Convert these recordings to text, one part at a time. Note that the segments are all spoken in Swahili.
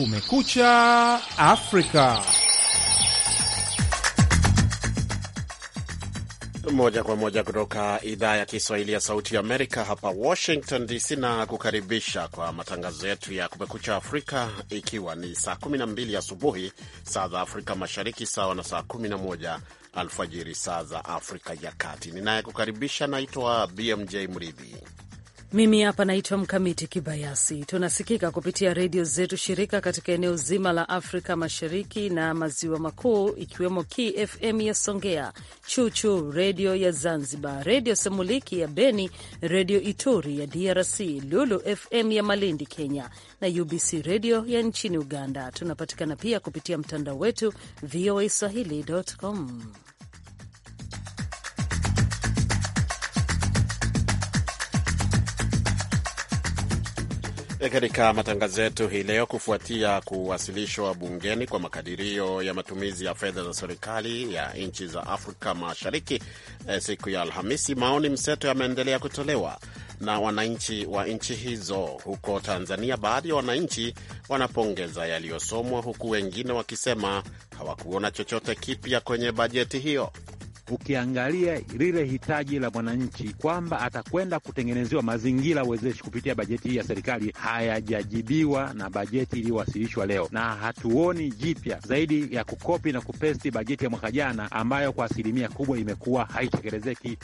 Kumekucha Afrika. Moja kwa moja kutoka idhaa ya Kiswahili ya Sauti ya Amerika hapa Washington DC, na kukaribisha kwa matangazo yetu ya Kumekucha Afrika, ikiwa ni saa 12 asubuhi saa za Afrika Mashariki, sawa na saa 11 alfajiri saa za Afrika ya Kati. Ninayekukaribisha naitwa BMJ Mridhi mimi hapa naitwa Mkamiti Kibayasi. Tunasikika kupitia redio zetu shirika katika eneo zima la Afrika Mashariki na Maziwa Makuu, ikiwemo KFM ya Songea, Chuchu Redio ya Zanzibar, Redio Semuliki ya Beni, Redio Ituri ya DRC, Lulu FM ya Malindi, Kenya, na UBC Redio ya nchini Uganda. Tunapatikana pia kupitia mtandao wetu voa swahili.com. katika matangazo yetu hii leo, kufuatia kuwasilishwa bungeni kwa makadirio ya matumizi ya fedha za serikali ya nchi za Afrika Mashariki eh, siku ya Alhamisi, maoni mseto yameendelea kutolewa na wananchi wa nchi hizo. Huko Tanzania, baadhi ya wananchi wanapongeza yaliyosomwa, huku wengine wakisema hawakuona chochote kipya kwenye bajeti hiyo ukiangalia lile hitaji la mwananchi kwamba atakwenda kutengenezewa mazingira wezeshi kupitia bajeti hii ya serikali hayajajibiwa na bajeti iliyowasilishwa leo, na hatuoni jipya zaidi ya kukopi na kupesti bajeti ya mwaka jana ambayo kwa asilimia kubwa imekuwa haitekelezeki.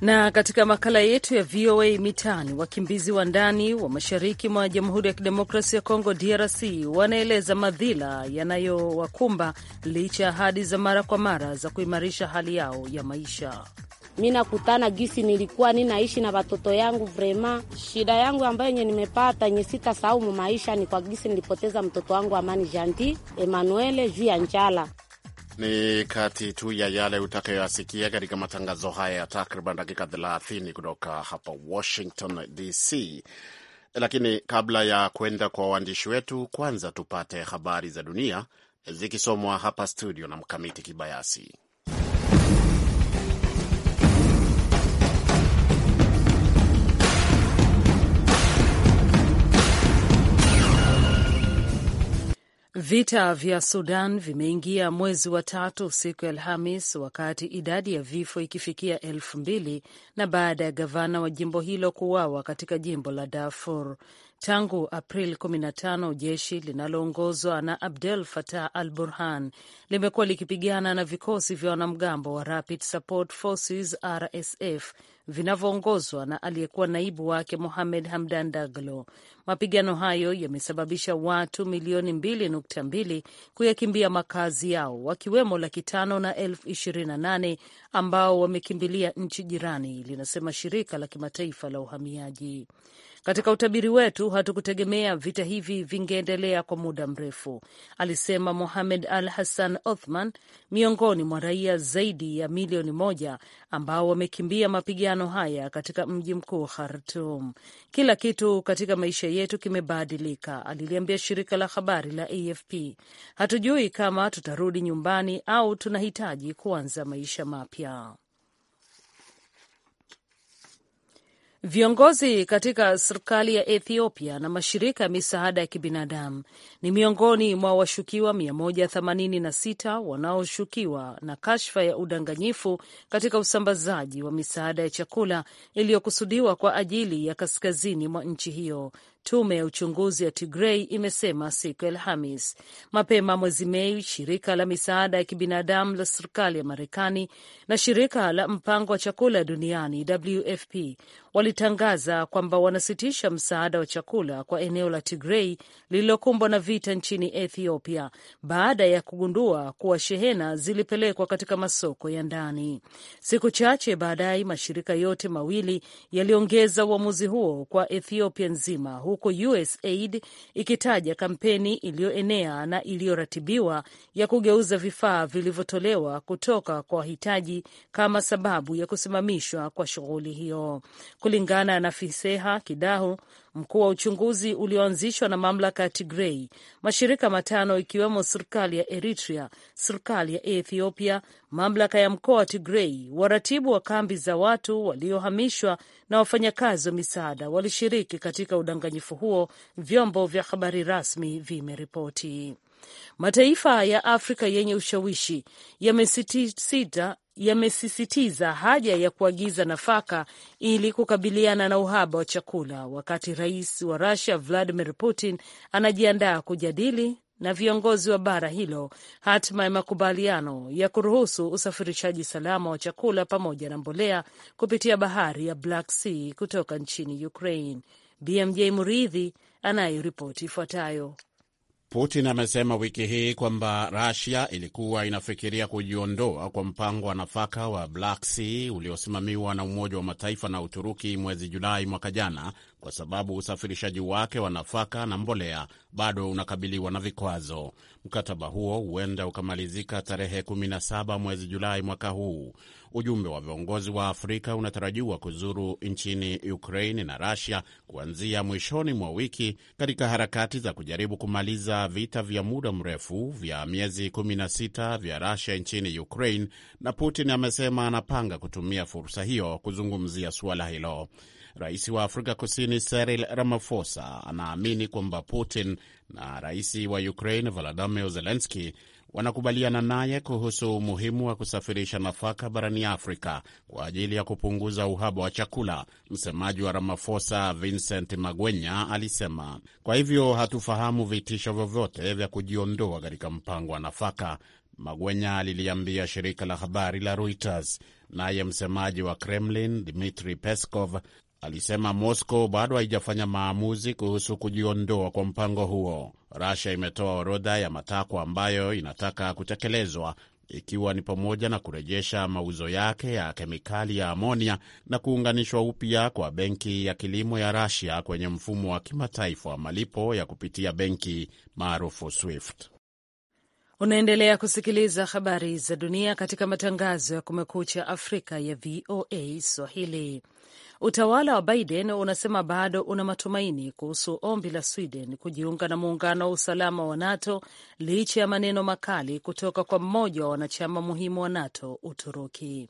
Na katika makala yetu ya VOA Mitaani, wakimbizi wa ndani wa mashariki mwa Jamhuri ya Kidemokrasi ya Kongo, DRC, wanaeleza madhila yanayowakumba licha ya ahadi za mara kwa mara za kuimarisha hali yao ya maisha. Mi nakutana gisi nilikuwa ninaishi na watoto yangu vrema. Shida yangu ambayo enye nimepata enye sita saumu maisha ni kwa gisi nilipoteza mtoto wangu Amani Janti Emanuele juu ya njala. Ni kati tu ya yale utakayoyasikia katika matangazo haya ya takriban dakika 30 kutoka hapa Washington DC. Lakini kabla ya kwenda kwa waandishi wetu, kwanza tupate habari za dunia zikisomwa hapa studio na Mkamiti Kibayasi. Vita vya Sudan vimeingia mwezi wa tatu siku ya Alhamis, wakati idadi ya vifo ikifikia elfu mbili na baada ya gavana wa jimbo hilo kuuawa katika jimbo la Darfur. Tangu April 15 jeshi linaloongozwa na Abdel Fattah al Burhan limekuwa likipigana na vikosi vya wanamgambo wa Rapid Support Forces, RSF, vinavyoongozwa na aliyekuwa naibu wake Mohamed Hamdan Daglo. Mapigano hayo yamesababisha watu milioni mbili nukta mbili kuyakimbia makazi yao, wakiwemo laki tano na elfu ishirini na nane ambao wamekimbilia nchi jirani, linasema shirika la kimataifa la uhamiaji. Katika utabiri wetu hatukutegemea vita hivi vingeendelea kwa muda mrefu, alisema Mohamed Al Hassan Othman, miongoni mwa raia zaidi ya milioni moja ambao wamekimbia mapigano haya katika mji mkuu Khartum. Kila kitu katika maisha yetu kimebadilika, aliliambia shirika la habari la AFP. Hatujui kama tutarudi nyumbani au tunahitaji kuanza maisha mapya. Viongozi katika serikali ya Ethiopia na mashirika ya misaada ya kibinadamu ni miongoni mwa washukiwa 186 wanaoshukiwa na kashfa ya udanganyifu katika usambazaji wa misaada ya chakula iliyokusudiwa kwa ajili ya kaskazini mwa nchi hiyo Tume ya uchunguzi ya Tigrei imesema siku ya Alhamis. Mapema mwezi Mei, shirika la misaada ya kibinadamu la serikali ya Marekani na shirika la mpango wa chakula duniani WFP walitangaza kwamba wanasitisha msaada wa chakula kwa eneo la Tigrei lililokumbwa na vita nchini Ethiopia baada ya kugundua kuwa shehena zilipelekwa katika masoko ya ndani. Siku chache baadaye, mashirika yote mawili yaliongeza uamuzi huo kwa Ethiopia nzima huko USAID ikitaja kampeni iliyoenea na iliyoratibiwa ya kugeuza vifaa vilivyotolewa kutoka kwa wahitaji kama sababu ya kusimamishwa kwa shughuli hiyo. Kulingana na Fiseha Kidahu, mkuu wa uchunguzi ulioanzishwa na mamlaka ya Tigrei, mashirika matano ikiwemo serikali ya Eritrea, serikali ya Ethiopia, mamlaka ya mkoa wa Tigrei, waratibu wa kambi za watu waliohamishwa na wafanyakazi wa misaada walishiriki katika udanganyifu huo, vyombo vya habari rasmi vimeripoti. Mataifa ya Afrika yenye ushawishi yamesisitiza yamesisitiza haja ya kuagiza nafaka ili kukabiliana na uhaba wa chakula, wakati rais wa rusia Vladimir Putin anajiandaa kujadili na viongozi wa bara hilo hatima ya makubaliano ya kuruhusu usafirishaji salama wa chakula pamoja na mbolea kupitia bahari ya Black Sea kutoka nchini Ukraine. BMJ Muridhi anayeripoti ifuatayo. Putin amesema wiki hii kwamba rasia ilikuwa inafikiria kujiondoa kwa mpango wa nafaka wa Black Sea uliosimamiwa na Umoja wa Mataifa na Uturuki mwezi Julai mwaka jana kwa sababu usafirishaji wake wa nafaka na mbolea bado unakabiliwa na vikwazo. Mkataba huo huenda ukamalizika tarehe 17 mwezi Julai mwaka huu. Ujumbe wa viongozi wa Afrika unatarajiwa kuzuru nchini Ukraini na Rasia kuanzia mwishoni mwa wiki katika harakati za kujaribu kumaliza vita vya muda mrefu vya miezi 16 vya Rasia nchini ukrain na Putin amesema anapanga kutumia fursa hiyo kuzungumzia suala hilo. Rais wa Afrika Kusini Cyril Ramaphosa anaamini kwamba Putin na rais wa Ukraine Volodymyr Zelensky wanakubaliana naye kuhusu umuhimu wa kusafirisha nafaka barani Afrika kwa ajili ya kupunguza uhaba wa chakula. Msemaji wa Ramaphosa Vincent Magwenya alisema, kwa hivyo hatufahamu vitisho vyovyote vya kujiondoa katika mpango wa nafaka, Magwenya aliliambia shirika la habari la Reuters. Naye msemaji wa Kremlin Dmitri Peskov alisema Moscow bado haijafanya maamuzi kuhusu kujiondoa kwa mpango huo. rusia imetoa orodha ya matakwa ambayo inataka kutekelezwa ikiwa ni pamoja na kurejesha mauzo yake ya kemikali ya amonia na kuunganishwa upya kwa benki ya kilimo ya rasia kwenye mfumo wa kimataifa wa malipo ya kupitia benki maarufu SWIFT. Unaendelea kusikiliza habari za dunia katika matangazo ya Kumekucha Afrika ya VOA Swahili. Utawala wa Biden unasema bado una matumaini kuhusu ombi la Sweden kujiunga na muungano wa usalama wa NATO licha ya maneno makali kutoka kwa mmoja wa wanachama muhimu wa NATO, Uturuki.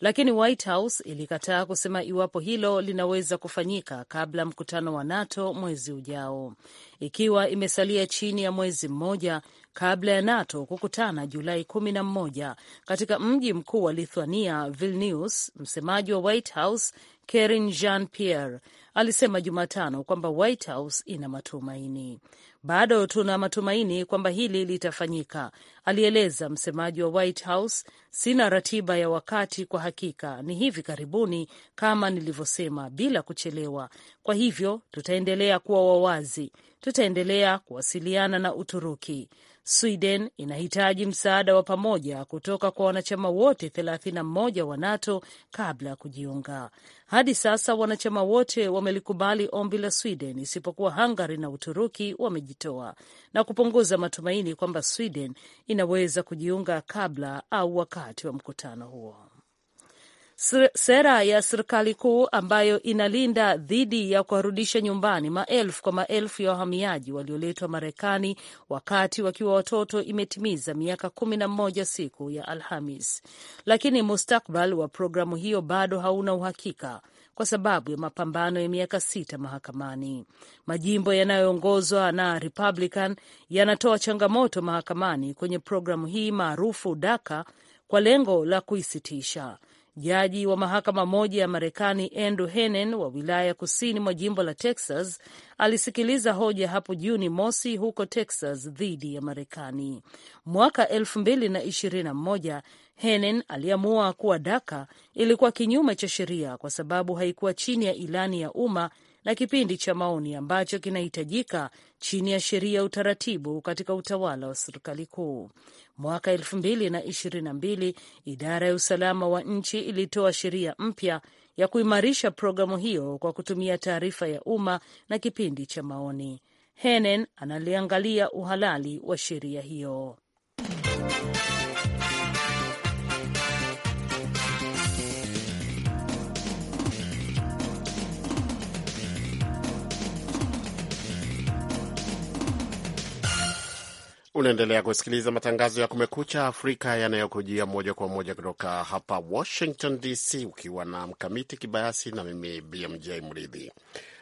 Lakini White House ilikataa kusema iwapo hilo linaweza kufanyika kabla mkutano wa NATO mwezi ujao, ikiwa imesalia chini ya mwezi mmoja kabla ya NATO kukutana Julai kumi na mmoja katika mji mkuu wa Lithuania, Vilnius. Msemaji wa White House Karine Jean-Pierre alisema Jumatano kwamba White House ina matumaini. Bado tuna matumaini kwamba hili litafanyika, alieleza msemaji wa White House. Sina ratiba ya wakati kwa hakika, ni hivi karibuni, kama nilivyosema, bila kuchelewa. Kwa hivyo tutaendelea kuwa wawazi, tutaendelea kuwasiliana na Uturuki. Sweden inahitaji msaada wa pamoja kutoka kwa wanachama wote 31 wa NATO kabla ya kujiunga. Hadi sasa wanachama wote wamelikubali ombi la Sweden isipokuwa Hungary na Uturuki wamejitoa na kupunguza matumaini kwamba Sweden inaweza kujiunga kabla au wakati wa mkutano huo sera ya serikali kuu ambayo inalinda dhidi ya kuwarudisha nyumbani maelfu kwa maelfu ya wahamiaji walioletwa Marekani wakati wakiwa watoto imetimiza miaka kumi na mmoja siku ya Alhamis, lakini mustakbal wa programu hiyo bado hauna uhakika kwa sababu ya mapambano ya miaka sita mahakamani. Majimbo yanayoongozwa na Republican yanatoa changamoto mahakamani kwenye programu hii maarufu DACA kwa lengo la kuisitisha. Jaji wa mahakama moja ya Marekani Andrew henen wa wilaya ya kusini mwa jimbo la Texas alisikiliza hoja hapo Juni mosi huko Texas dhidi ya Marekani mwaka elfu mbili na na moja. aliamua kuwa Daka ilikuwa kinyume cha sheria kwa sababu haikuwa chini ya ilani ya umma na kipindi cha maoni ambacho kinahitajika chini ya sheria ya utaratibu katika utawala wa serikali kuu. Mwaka elfu mbili na ishirini na mbili idara ya usalama wa nchi ilitoa sheria mpya ya kuimarisha programu hiyo kwa kutumia taarifa ya umma na kipindi cha maoni. Henen analiangalia uhalali wa sheria hiyo. Unaendelea kusikiliza matangazo ya Kumekucha Afrika yanayokujia moja kwa moja kutoka hapa Washington DC, ukiwa na Mkamiti Kibayasi na mimi BMJ Mridhi.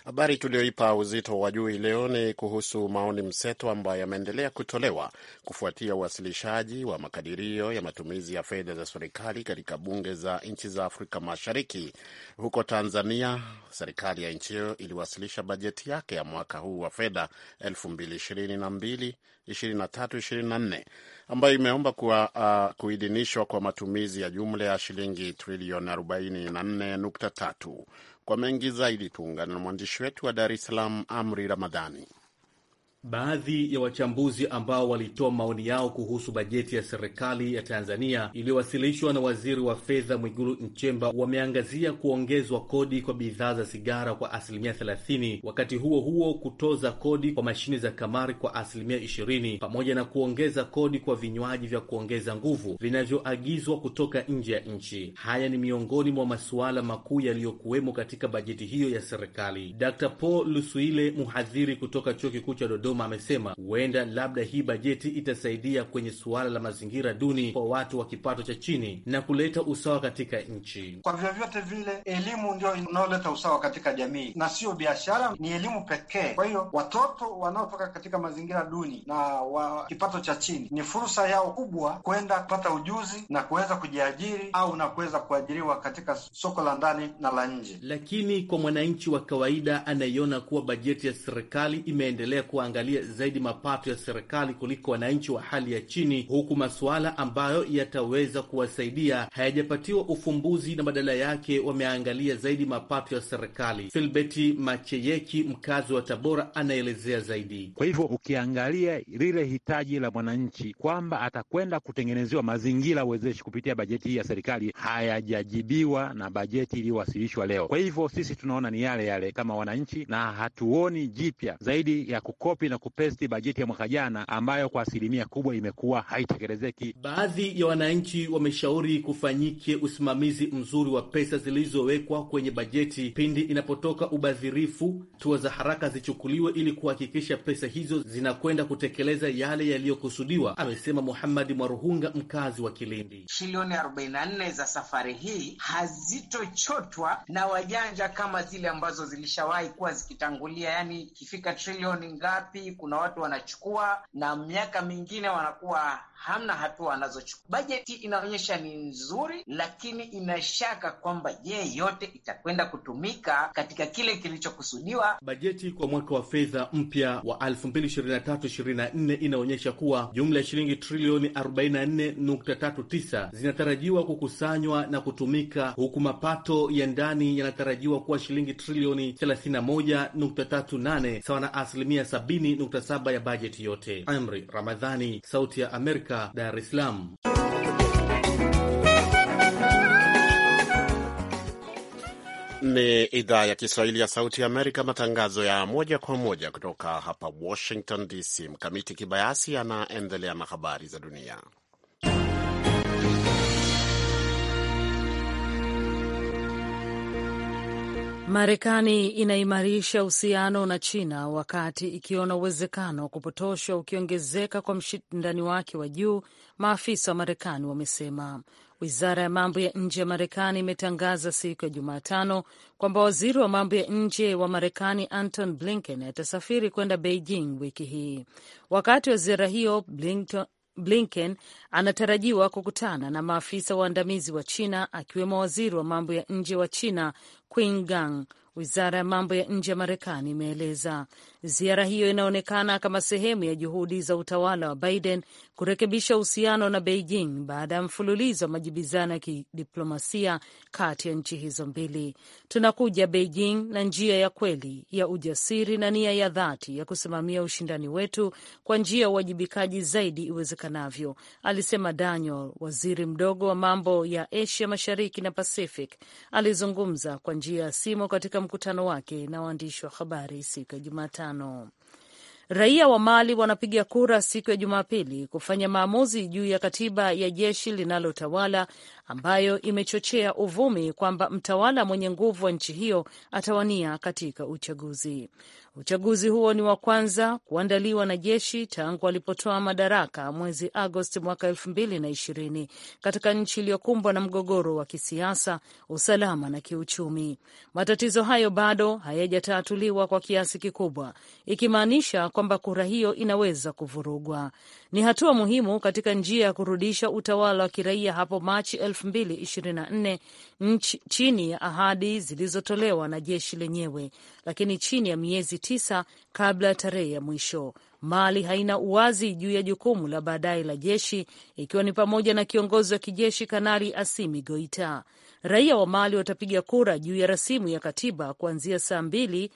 Habari tuliyoipa uzito wa juu leo ni kuhusu maoni mseto ambayo yameendelea kutolewa kufuatia uwasilishaji wa makadirio ya matumizi ya fedha za serikali katika bunge za nchi za Afrika Mashariki. Huko Tanzania, serikali ya nchi hiyo iliwasilisha bajeti yake ya mwaka huu wa fedha 2022 2324 ambayo imeomba uh, kuidhinishwa kwa matumizi ya jumla ya shilingi trilioni 44.3. Kwa mengi zaidi tuungane na mwandishi wetu wa Dar es Salaam, Amri Ramadhani. Baadhi ya wachambuzi ambao walitoa maoni yao kuhusu bajeti ya serikali ya Tanzania iliyowasilishwa na waziri wa fedha Mwigulu Nchemba wameangazia kuongezwa kodi kwa bidhaa za sigara kwa asilimia 30, wakati huo huo kutoza kodi kwa mashine za kamari kwa asilimia 20, pamoja na kuongeza kodi kwa vinywaji vya kuongeza nguvu vinavyoagizwa kutoka nje ya nchi. Haya ni miongoni mwa masuala makuu yaliyokuwemo katika bajeti hiyo ya serikali. Dr Paul Lusuile, mhadhiri kutoka chuo kikuu cha Dodoma Salum amesema huenda labda hii bajeti itasaidia kwenye suala la mazingira duni kwa watu wa kipato cha chini na kuleta usawa katika nchi. Kwa vyovyote vile, elimu ndio inayoleta usawa katika jamii na sio biashara, ni elimu pekee. Kwa hiyo watoto wanaotoka katika mazingira duni na wa kipato cha chini ni fursa yao kubwa kwenda kupata ujuzi na kuweza kujiajiri au na kuweza kuajiriwa katika soko la ndani na la nje. Lakini kwa mwananchi wa kawaida anayeona kuwa bajeti ya serikali imeendelea kuwa kuangalia zaidi mapato ya serikali kuliko wananchi wa hali ya chini, huku masuala ambayo yataweza kuwasaidia hayajapatiwa ufumbuzi na badala yake wameangalia zaidi mapato ya serikali. Filbeti Macheyeki, mkazi wa Tabora, anaelezea zaidi. Kwa hivyo ukiangalia lile hitaji la mwananchi kwamba atakwenda kutengenezewa mazingira wezeshi kupitia bajeti hii ya serikali hayajajibiwa na bajeti iliyowasilishwa leo. Kwa hivyo sisi tunaona ni yale yale kama wananchi, na hatuoni jipya zaidi ya kukopi mfupi na kupesti bajeti ya mwaka jana ambayo kwa asilimia kubwa imekuwa haitekelezeki. Baadhi ya wananchi wameshauri kufanyike usimamizi mzuri wa pesa zilizowekwa kwenye bajeti pindi inapotoka ubadhirifu, hatua za haraka zichukuliwe ili kuhakikisha pesa hizo zinakwenda kutekeleza yale yaliyokusudiwa, amesema Muhamadi Mwaruhunga, mkazi wa Kilindi. Trilioni 44 za safari hii hazitochotwa na wajanja kama zile ambazo zilishawahi kuwa zikitangulia, yani ikifika trilioni ngapi wapi, kuna watu wanachukua, na miaka mingine wanakuwa hamna hatua anazochukua. Bajeti inaonyesha ni nzuri, lakini inashaka kwamba je, yote itakwenda kutumika katika kile kilichokusudiwa. Bajeti kwa mwaka wa fedha mpya wa 2023 inaonyesha kuwa jumla ya shilingi trilioni 44.39 zinatarajiwa kukusanywa na kutumika, huku mapato ya ndani yanatarajiwa kuwa shilingi trilioni 31.38 sawa na asilimia 70 7 ya bajeti yote. Amri Ramadhani, Sauti ya Amerika, Dar es Salaam. Ni idhaa ya Kiswahili ya Sauti ya Amerika, matangazo ya moja kwa moja kutoka hapa Washington DC. Mkamiti Kibayasi anaendelea na habari za dunia. Marekani inaimarisha uhusiano na China wakati ikiona uwezekano wa kupotoshwa ukiongezeka kwa mshindani wake wa juu, maafisa wa Marekani wamesema. Wizara ya mambo ya nje ya Marekani imetangaza siku ya Jumatano kwamba waziri wa mambo ya nje wa Marekani Anton Blinken atasafiri kwenda Beijing wiki hii. Wakati wa ziara hiyo, Blinken anatarajiwa kukutana na maafisa waandamizi wa China akiwemo waziri wa mambo ya nje wa China 奎宁港。wizara ya mambo ya nje ya Marekani imeeleza. Ziara hiyo inaonekana kama sehemu ya juhudi za utawala wa Biden kurekebisha uhusiano na Beijing baada ya mfululizo wa majibizano ya kidiplomasia kati ya nchi hizo mbili. Tunakuja Beijing na njia ya kweli ya ujasiri na nia ya dhati ya kusimamia ushindani wetu kwa njia ya uwajibikaji zaidi iwezekanavyo, alisema Daniel, waziri mdogo wa mambo ya Asia Mashariki na Pacific. Alizungumza kwa njia ya simu katika mkutano wake na waandishi wa habari siku ya Jumatano. Raia wa Mali wanapiga kura siku ya Jumapili kufanya maamuzi juu ya katiba ya jeshi linalotawala ambayo imechochea uvumi kwamba mtawala mwenye nguvu wa nchi hiyo atawania katika uchaguzi. Uchaguzi huo ni wa kwanza kuandaliwa na jeshi tangu alipotoa madaraka mwezi Agosti mwaka elfu mbili na ishirini katika nchi iliyokumbwa na mgogoro wa kisiasa, usalama na kiuchumi. Matatizo hayo bado hayajatatuliwa kwa kiasi kikubwa, ikimaanisha kwamba kura hiyo inaweza kuvurugwa. Ni hatua muhimu katika njia ya kurudisha utawala wa kiraia hapo Machi 2024 chini ya ahadi zilizotolewa na jeshi lenyewe, lakini chini ya miezi tisa kabla ya tarehe ya mwisho. Mali haina uwazi juu ya jukumu la baadaye la jeshi, ikiwa ni pamoja na kiongozi wa kijeshi Kanali Asimi Goita. Raia wa Mali watapiga kura juu ya rasimu ya katiba kuanzia saa mbili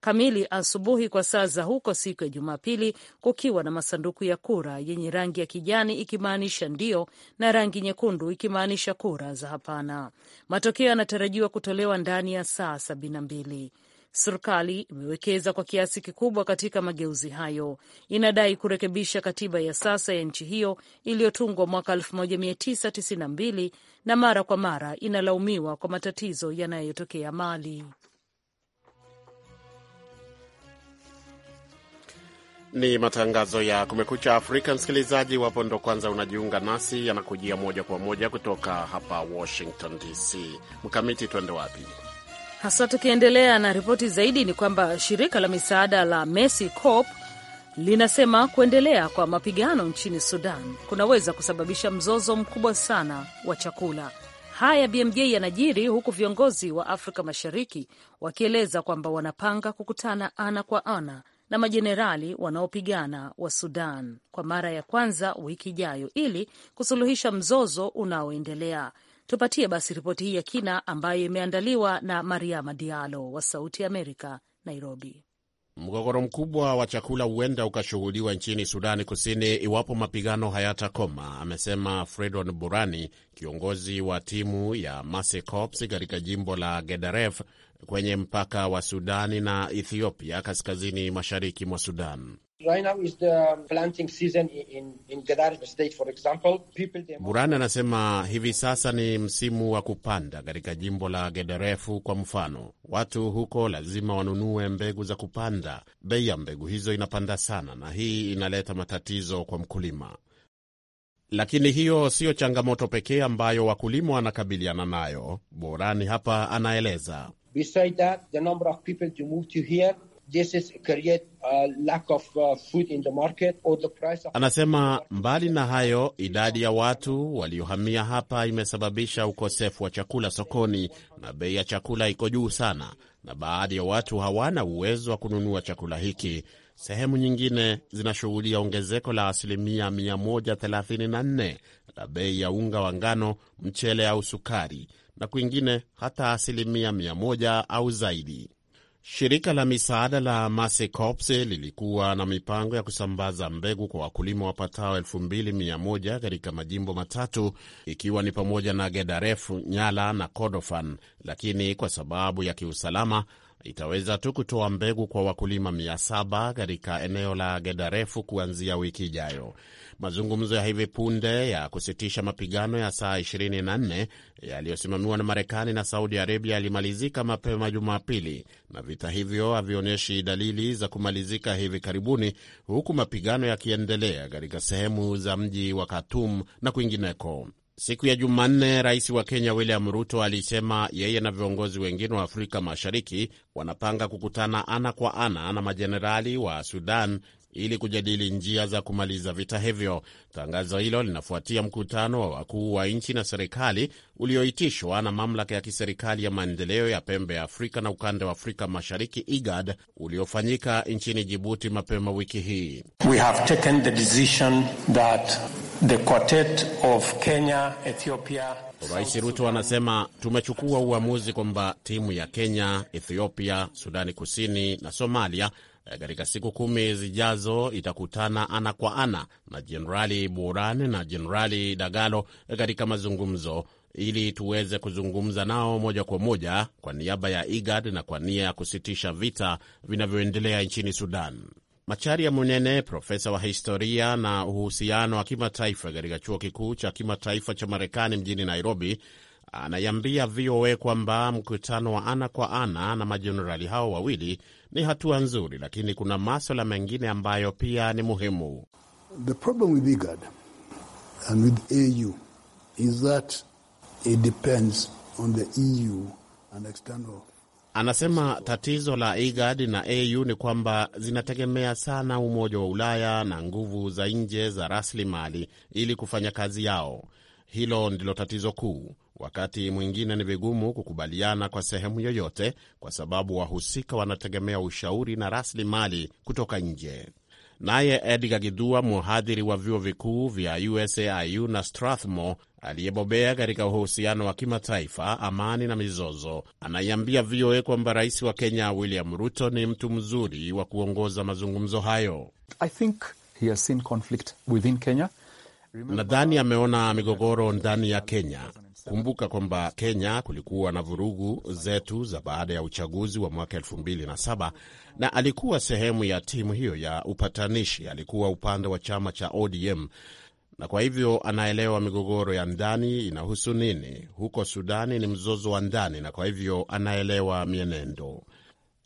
kamili asubuhi kwa saa za huko siku ya Jumapili, kukiwa na masanduku ya kura yenye rangi ya kijani ikimaanisha ndio na rangi nyekundu ikimaanisha kura za hapana. Matokeo yanatarajiwa kutolewa ndani ya saa sabini na mbili. Serikali imewekeza kwa kiasi kikubwa katika mageuzi hayo, inadai kurekebisha katiba ya sasa ya nchi hiyo iliyotungwa mwaka 1992 na mara kwa mara inalaumiwa kwa matatizo yanayotokea Mali. Ni matangazo ya Kumekucha Afrika. Msikilizaji wapo ndo kwanza unajiunga nasi, yanakujia moja kwa moja kutoka hapa Washington DC. Mkamiti, twende wapi hasa? Tukiendelea na ripoti zaidi, ni kwamba shirika la misaada la Mercy Corps linasema kuendelea kwa mapigano nchini Sudan kunaweza kusababisha mzozo mkubwa sana wa chakula. Haya BMJ yanajiri huku viongozi wa Afrika Mashariki wakieleza kwamba wanapanga kukutana ana kwa ana na majenerali wanaopigana wa Sudan kwa mara ya kwanza wiki ijayo ili kusuluhisha mzozo unaoendelea. Tupatie basi ripoti hii ya kina ambayo imeandaliwa na Mariama Diallo wa Sauti ya Amerika, Nairobi. Mgogoro mkubwa wa chakula huenda ukashuhudiwa nchini Sudani Kusini iwapo mapigano hayatakoma, amesema Fredon Burani, kiongozi wa timu ya Mercy Corps katika jimbo la Gedaref kwenye mpaka wa Sudani na Ethiopia, kaskazini mashariki mwa Sudan. Um, Buran anasema hivi sasa ni msimu wa kupanda katika jimbo la Gederefu. Kwa mfano, watu huko lazima wanunue mbegu za kupanda. Bei ya mbegu hizo inapanda sana, na hii inaleta matatizo kwa mkulima. Lakini hiyo siyo changamoto pekee ambayo wakulima wanakabiliana nayo. Borani hapa anaeleza. That, the This is create a lack of uh, food in the market or the price of... Anasema mbali na hayo, idadi ya watu waliohamia hapa imesababisha ukosefu wa chakula sokoni na bei ya chakula iko juu sana, na baadhi ya watu hawana uwezo wa kununua chakula hiki. Sehemu nyingine zinashughulia ongezeko la asilimia 134 la bei ya unga wa ngano, mchele au sukari, na kwingine hata asilimia 100 au zaidi. Shirika la misaada la Mercy Corps lilikuwa na mipango ya kusambaza mbegu kwa wakulima wapatao 2100 katika majimbo matatu ikiwa ni pamoja na Gedaref, Nyala na Kordofan, lakini kwa sababu ya kiusalama itaweza tu kutoa mbegu kwa wakulima 700 katika eneo la Gedarefu kuanzia wiki ijayo. Mazungumzo ya hivi punde ya kusitisha mapigano ya saa 24 yaliyosimamiwa na Marekani na Saudi Arabia yalimalizika mapema Jumapili, na vita hivyo havionyeshi dalili za kumalizika hivi karibuni, huku mapigano yakiendelea katika sehemu za mji wa Khartoum na kwingineko. Siku ya Jumanne, rais wa Kenya William Ruto alisema yeye na viongozi wengine wa Afrika Mashariki wanapanga kukutana ana kwa ana na majenerali wa Sudan ili kujadili njia za kumaliza vita hivyo. Tangazo hilo linafuatia mkutano wa wakuu wa nchi na serikali ulioitishwa na mamlaka ya kiserikali ya maendeleo ya pembe ya Afrika na ukanda wa Afrika Mashariki, IGAD, uliofanyika nchini Jibuti mapema wiki hii. We have taken the decision that The quartet of Kenya, Ethiopia. Rais Ruto anasema tumechukua uamuzi kwamba timu ya Kenya, Ethiopia, Sudani Kusini na Somalia eh, katika siku kumi zijazo itakutana ana kwa ana na Jenerali Burhan na Jenerali Dagalo eh, katika mazungumzo ili tuweze kuzungumza nao moja kwa moja kwa niaba ya IGAD na kwa nia ya kusitisha vita vinavyoendelea nchini Sudan. Macharia Munene, profesa wa historia na uhusiano wa kimataifa katika chuo kikuu cha kimataifa cha Marekani mjini Nairobi, anaiambia VOA kwamba mkutano wa ana kwa ana na majenerali hao wawili ni hatua nzuri, lakini kuna maswala mengine ambayo pia ni muhimu. The problem with IGAD and with AU is that it depends on the EU and external Anasema tatizo la IGAD na AU ni kwamba zinategemea sana Umoja wa Ulaya na nguvu za nje za rasilimali ili kufanya kazi yao. Hilo ndilo tatizo kuu. Wakati mwingine ni vigumu kukubaliana kwa sehemu yoyote, kwa sababu wahusika wanategemea ushauri na rasilimali kutoka nje. Naye Edgar Gidua, mhadhiri wa vyuo vikuu vya USAIU na Strathmore, aliyebobea katika uhusiano wa kimataifa, amani na mizozo, anaiambia VOA kwamba rais wa Kenya William Ruto ni mtu mzuri wa kuongoza mazungumzo hayo. I think he has seen conflict within Kenya. Nadhani ameona migogoro ndani ya Kenya. Kumbuka kwamba Kenya kulikuwa na vurugu zetu za baada ya uchaguzi wa mwaka 2007 na alikuwa sehemu ya timu hiyo ya upatanishi. Alikuwa upande wa chama cha ODM na kwa hivyo anaelewa migogoro ya ndani inahusu nini. Huko Sudani ni mzozo wa ndani, na kwa hivyo anaelewa mienendo.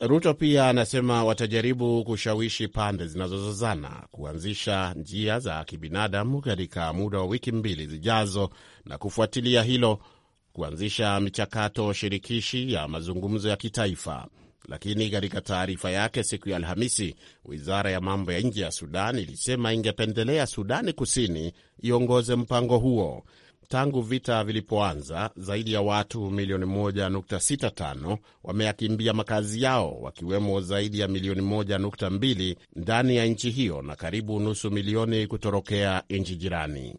Ruto pia anasema watajaribu kushawishi pande zinazozozana kuanzisha njia za kibinadamu katika muda wa wiki mbili zijazo, na kufuatilia hilo kuanzisha michakato shirikishi ya mazungumzo ya kitaifa. Lakini katika taarifa yake siku ya Alhamisi, wizara ya mambo ya nje ya Sudan ilisema ingependelea Sudani Kusini iongoze mpango huo. Tangu vita vilipoanza, zaidi ya watu milioni 1.65 wameyakimbia makazi yao, wakiwemo zaidi ya milioni 1.2 ndani ya nchi hiyo na karibu nusu milioni kutorokea nchi jirani.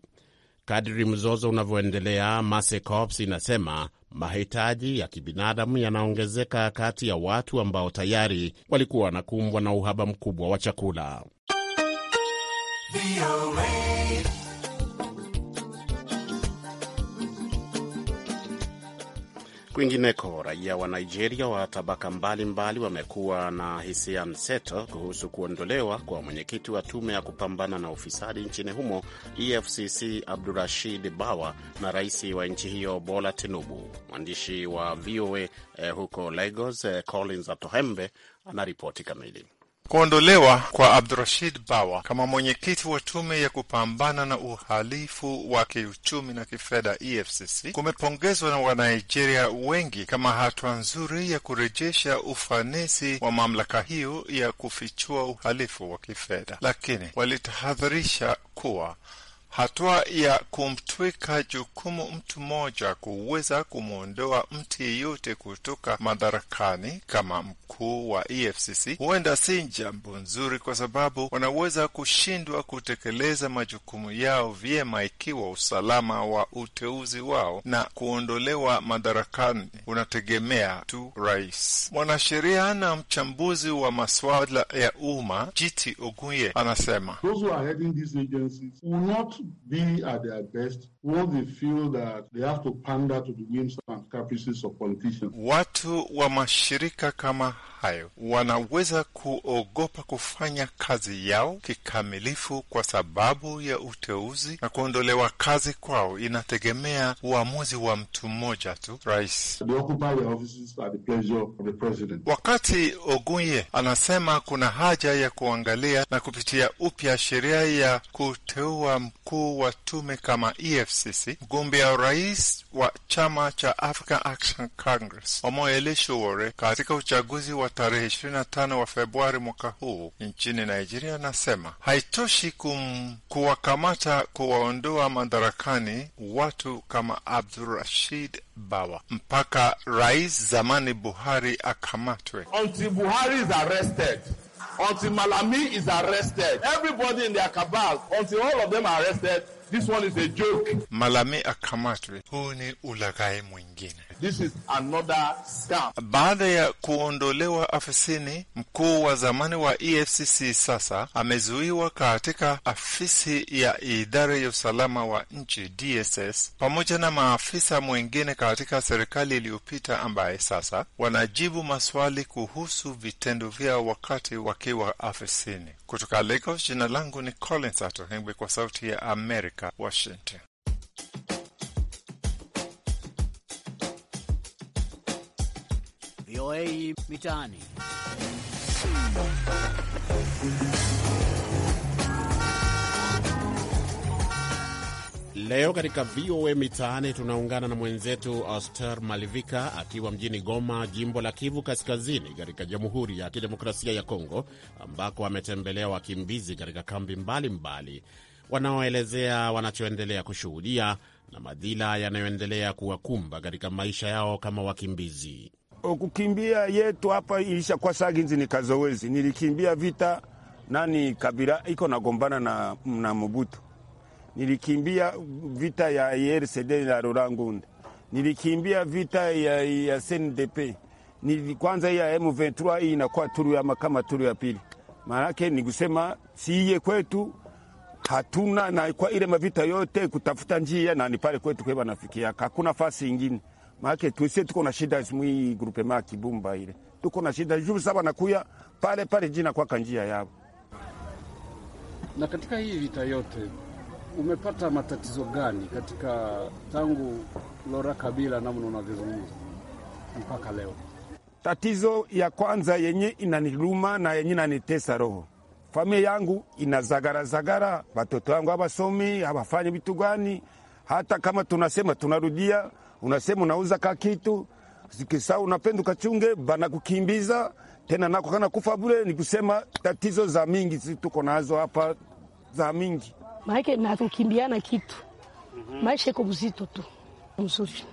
Kadri mzozo unavyoendelea, Mercy Corps inasema mahitaji ya kibinadamu yanaongezeka kati ya watu ambao tayari walikuwa wanakumbwa na uhaba mkubwa wa chakula. Kwingineko, raia wa Nigeria wa tabaka mbalimbali wamekuwa na hisia mseto kuhusu kuondolewa kwa mwenyekiti wa tume ya kupambana na ufisadi nchini humo EFCC Abdurashid Bawa na rais wa nchi hiyo Bola Tinubu. Mwandishi wa VOA eh, huko Lagos eh, Collins Atohembe anaripoti kamili. Kuondolewa kwa Abdurashid Bawa kama mwenyekiti wa tume ya kupambana na uhalifu wa kiuchumi na kifedha EFCC kumepongezwa na Wanigeria wengi kama hatua nzuri ya kurejesha ufanisi wa mamlaka hiyo ya kufichua uhalifu wa kifedha, lakini walitahadharisha kuwa Hatua ya kumtwika jukumu mtu mmoja kuweza kumwondoa mtu yeyote kutoka madarakani kama mkuu wa EFCC huenda si jambo nzuri, kwa sababu wanaweza kushindwa kutekeleza majukumu yao vyema ikiwa usalama wa uteuzi wao na kuondolewa madarakani unategemea tu rais. Mwanasheria na mchambuzi wa masuala ya umma Jiti Oguye anasema Those who are we are their best Once they feel that they have to pander to the whims and caprices of politicians. Watu wa mashirika kama hayo wanaweza kuogopa kufanya kazi yao kikamilifu kwa sababu ya uteuzi na kuondolewa kazi kwao inategemea uamuzi wa mtu mmoja tu, rais. They occupy offices at the pleasure of the president. Wakati Ogunye anasema kuna haja ya kuangalia na kupitia upya sheria ya kuteua mkuu wa tume kama EFF FCC, mgombea urais wa chama cha African Action Congress Omoyele Sowore katika uchaguzi wa tarehe 25 wa Februari mwaka huu nchini Nigeria, anasema haitoshi kum kuwakamata, kuwaondoa madarakani watu kama Abdurashid Bawa mpaka rais zamani Buhari akamatwe. Until Buhari is arrested. Until Malami is arrested. Everybody in their cabal, until all of them are arrested. This one is a joke. Malame akamatwe. Huu ni ulaghai mwingine. This is another scam. Baada ya kuondolewa afisini, mkuu wa zamani wa EFCC sasa amezuiwa katika afisi ya idara ya usalama wa nchi DSS, pamoja na maafisa mwengine katika serikali iliyopita ambaye sasa wanajibu maswali kuhusu vitendo vyao wakati wakiwa afisini. Kutoka Lagos, jina langu ni Collins Atohengwe, kwa Sauti ya Amerika, Washington. VOA Mitaani. Leo katika VOA Mitaani tunaungana na mwenzetu oster Malivika akiwa mjini Goma, jimbo la Kivu Kaskazini, katika Jamhuri ya Kidemokrasia ya Kongo, ambako ametembelea wakimbizi katika kambi mbalimbali mbali, wanaoelezea wanachoendelea kushuhudia na madhila yanayoendelea kuwakumba katika maisha yao kama wakimbizi. Okukimbia oh, yetu hapa ilishakuwa saginzi, ni kazowezi. Nilikimbia vita nani Kabila iko nagombana na, na Mubutu. Nilikimbia vita ya IRCD ya Rurangunde. nilikimbia vita ya, ya CNDP nili, kwanza ya M23 hii inakuwa turu ya makama turu ya pili, maanake ni kusema siye kwetu hatuna na kwa ile mavita yote kutafuta njia na ni pale kwetu kwa nafikia, hakuna fasi nyingine maake tuisie tuko na shida smui grupe ma Kibumba ile tuko na shida juu saba nakuya pale pale jina kwa kanjia yao. Na katika hii vita yote umepata matatizo gani katika tangu Lora Kabila namna unavyozungumza mpaka leo? Tatizo ya kwanza yenye inaniluma na yenye inanitesa roho, familia yangu inazagarazagara, watoto wangu hawasomi, hawafanyi vitu gani. Hata kama tunasema tunarudia unasema unauza ka kitu sikisa, unapenda bana kukimbiza tena nako kana kufa bure. Ni kusema tatizo za mingi si tuko nazo hapa za mingi, na kukimbiana kitu mhm. maisha iko mzito tu mzuri.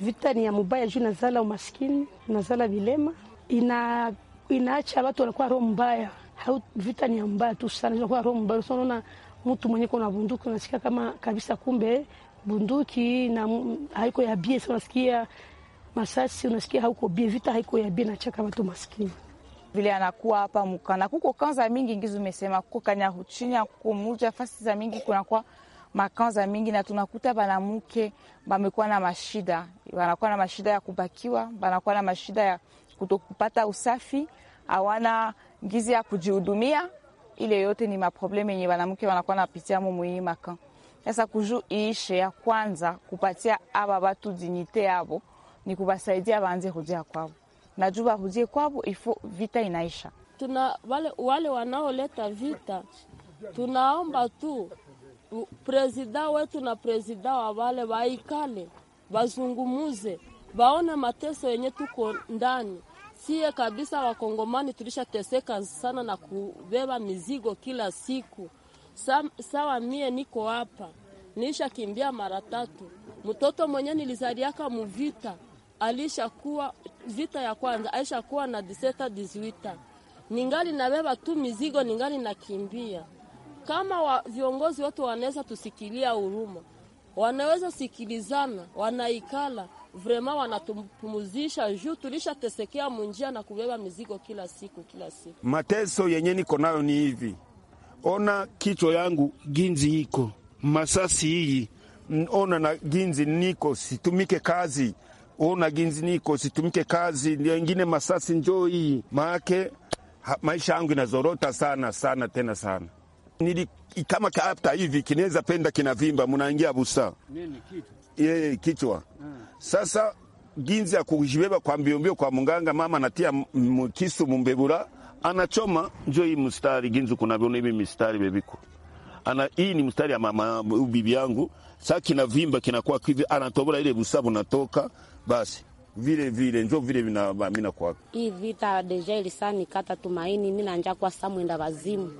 Vita ni ya mubaya juu inazala umaskini, inazala vilema, ina inaacha watu wanakuwa roho mbaya. Hau, vita ni mbaya tu sana, inakuwa roho mbaya. Unaona mtu mwenye kuna bunduki unasikia kama kabisa, kumbe bunduki na haiko ya bie, sasa unasikia masasi, unasikia hauko bie, vita haiko ya bie, nachaka watu maskini vile anakuwa hapa mkana kuko kanza mingi ngizo umesema kuko kanyahuchinya kuko muja fasi za mingi kuna kwa makanza mingi, na tunakuta banamuke bamekuwa na mashida, wanakuwa na mashida ya kubakiwa, banakuwa na mashida ya kutokupata usafi, hawana ngizi ya kujihudumia. Ile yote ni maprobleme yenye banamuke wanakuwa napitia mumuhii hii makan sasa kuju iishe ya kwanza kupatia aba watu dinite yabo ni kubasaidia baanze kujia kwabo, najua kudie kwabo ifo vita inaisha. Tuna wale, wale wanaoleta vita tunaomba tu prezida wetu na prezida wa wale waikale bazungumuze, baone mateso yenye tuko ndani sie kabisa. Wakongomani tulishateseka sana na kubeba mizigo kila siku sawa mie niko hapa niisha kimbia mara tatu. Mtoto mwenye nilizaliaka muvita alishakuwa vita ya kwanza aishakuwa na diseta dizuita, ningali nabeba tu mizigo, ningali nakimbia. Kama wa, viongozi wetu wanaweza tusikilia huruma, wanaweza sikilizana, wanaikala vrema, wanatupumuzisha juu tulishatesekea munjia na kubeba mizigo kila siku kila siku. Mateso yenye niko nayo ni hivi ona kichwa yangu ginzi iko masasi hii, ona na ginzi niko situmike kazi, ona ginzi niko situmike kazi, ndio ingine masasi njoo hii maake ha, maisha yangu inazorota sana sana tena sana nili kama kaapta hivi kinaweza penda kinavimba, munaingia busa nini kichwa, e, kichwa. Hmm. Sasa ginzi ya kujibeba kwa mbiombio kwa munganga, mama natia mkisu mumbebura anachoma njo hii mstari ginzu kunavyona hivi mistari bebiko ana hii ni mstari ya mama bibi yangu, saa kinavimba kinakuwa kivi, anatobola ile busabu natoka basi vile vile njo vile vinaamina kwa Hii vita deja ilisanikata tumaini, mi nanja kwa samwenda wazimu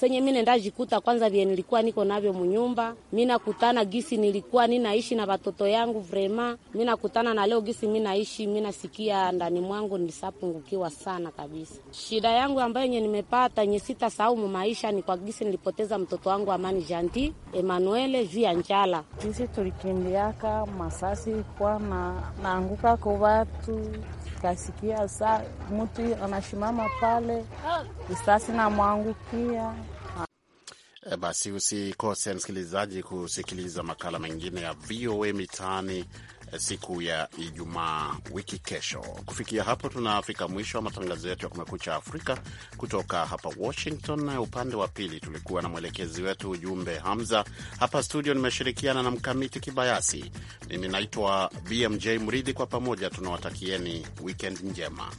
senye mimi nenda jikuta kwanza vile nilikuwa niko navyo mnyumba mimi nakutana gisi nilikuwa ninaishi na watoto yangu vrema, mimi nakutana na leo gisi mimi naishi, mimi nasikia ndani mwangu nilisapungukiwa sana kabisa. Shida yangu ambayo yenye nimepata nye sitasahau maisha ni kwa gisi nilipoteza mtoto wangu Amani Janti Emanuele juu ya njala. Sisi tulikimbiaka masasi kwa na naanguka wako watu kasikia, saa mtu anashimama pale, risasi ah. namwangukia Eh, basi usikose msikilizaji kusikiliza makala mengine ya VOA Mitaani eh, siku ya Ijumaa wiki kesho. Kufikia hapo, tunafika mwisho wa matangazo yetu ya Kumekucha Afrika kutoka hapa Washington. Upande wa pili tulikuwa na mwelekezi wetu ujumbe Hamza. Hapa studio nimeshirikiana na Mkamiti Kibayasi. Mimi naitwa BMJ Mridhi. Kwa pamoja tunawatakieni wikend njema.